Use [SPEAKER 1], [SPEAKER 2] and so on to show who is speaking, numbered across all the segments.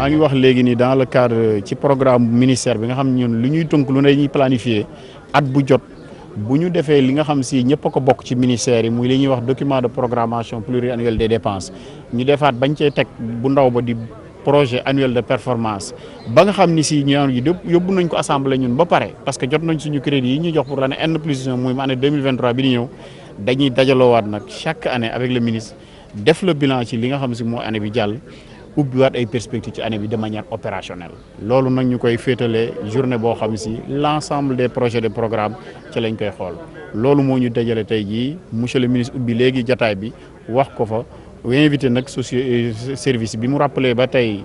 [SPEAKER 1] maa ngi wax léegi ni dans le cadre ci programme ministère bi nga xam ñun lu ñuy tënk lu ne ñuy planifier at bu jot bu ñu defee li nga xam si ñepp ko bok ci ministère yi muy li ñuy wax document de programmation pluriannuelle des dépenses ñu defaat bañ cee teg bu ndaw ba di projet annuel de performance ba nga xam ni si ñaan yi yëpp yóbbu nañ ko assemblée ñun ba paré parce que jot nañ suñu crédit yi ñu jox pour l'année N plus 1 muy année 2023 bi di ñëw dañuy dajaloowaat nak chaque année avec le ministre def le bilan ci li nga xam si mooy année bi jàll ubbiwaat ay perspectives ci année bi de manière opérationnelle. loolu nag ñu koy féetalee journée boo xam si l' ensemble des projets de programme ci lañ koy xool loolu moo ñu dajale tey jii monsieur le ministre ubbi léegi jataay bi wax ko fa invité nag socio service bi mu rappelee ba tey.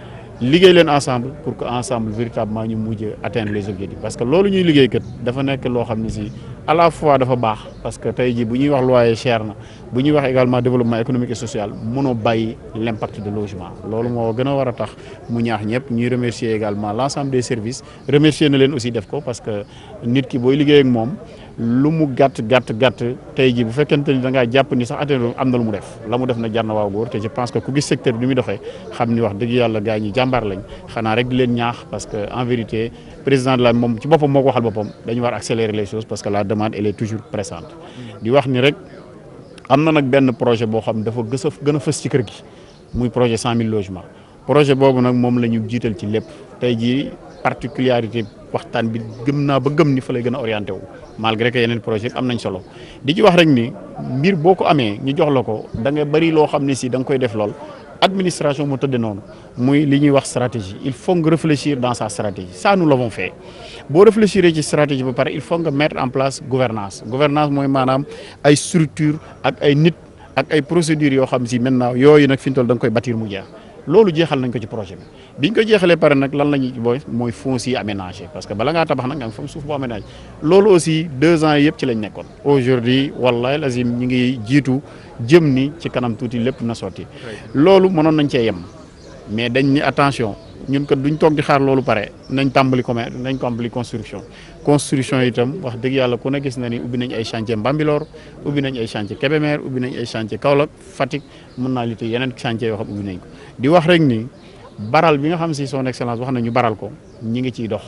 [SPEAKER 1] liggéey leen ensemble pour que ensemble véritablement ñu mujj atteindre les objectifs parce que loolu ñuy liggéey kat dafa nekk loo xam ne si à la fois dafa baax parce que tey jii bu ñuy wax loyer cher na bu ñuy wax également développement économique et social mënoo bàyyi l' impact de logement loolu moo gën a war a tax mu ñaax ñëpp ñuy remercier également l' ensemble des services remercier na leen aussi def ko parce que nit ki booy liggéey ak moom. lu mu gatt gatt gàtt tey bu fekkente ni da nga japp ni sax atteindre am na lu def la def na jarna na gor te je pense que ku gis secteur bi ni muy doxee xam ni wax deug yalla gars yi jàmbaar lañ xana rek di leen ñaax parce que en vérité président de la mom ci bopam moko waxal bopam dañu war accélérer les choses parce que la demande elle est toujours présente di wax ni rek am na nag benn projet bo xam dafa geuseuf gëna fess ci kër gi muy projet 100000 logements projet bobu nak mom lañu ñu ci lepp tey jii particularité waxtaan bi gëm naa ba gëm ni fa lay gën a orienté wu malgré que yeneen projet am nañ solo di ci wax rek ni mbir boo ko amee ñu jox la ko da nga bëri loo xam ne si danga koy def lool administration moo tëddee noonu muy li ñuy wax stratégie il faut nga réfléchir dans sa stratégie ça nous l'avons fait boo réfléchir ci stratégie ba pare il faut nga mettre en place gouvernance gouvernance mooy maanaam ay structure ak ay nit ak ay procédures yoo xam si maintenant yooyu nag fi da nga koy bâtir mu jeex lolu ce nañ ko ci projet bi biñ ko jeexalee paré nak lan moy fonds aménagé parce que bala nga tabax que nga fam souf aménagé lolu aussi deux ans ci lañ je aujourd'hui wallahi lazim ñi ngi jitu jëm ni ci kanam touti lepp na sorti lolu nañ mais dañ ni attention ñun kat duñ toog di xaar loolu pare nañ tàmbali commerce nañ tàmbali construction construction itam wax dëgg yàlla ku ne gis na ni ubbi nañ ay chantier Mbambilor ubbi nañ ay chantier Kébémer ubbi nañ ay chantier Kaolack Fatick mun naa li yeneen chantier yoo xam ubbi nañ ko di wax rek ni baral bi nga xam si son excellence wax nañu baral ko ñi ngi ciy dox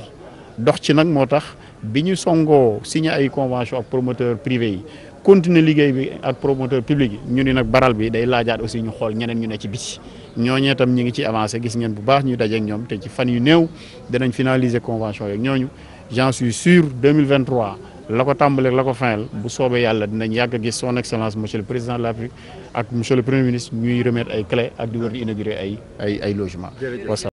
[SPEAKER 1] dox ci nag moo tax bi ñu songoo signé ay convention ak promoteur privé yi continuer liggéey bi ak promoteur public yi ñu ni nag baral bi day laajaat aussi ñu xool ñeneen ñu ne ci biti ñooñee tam ñu ngi ci avancé gis ngeen bu baax ñu dajeek ñoom te ci fan yu néew danañ finaliser convention yeeg ñooñu j'en suis sûr 2023 la ko tàmbaleeg ko fayal bu soobee yàlla dinañ yàgg a gis son excellence monsieur le président de l'Afrique ak monsieur le premier ministre ñuy remettre ay clé ak di wër di inaugurer ay logement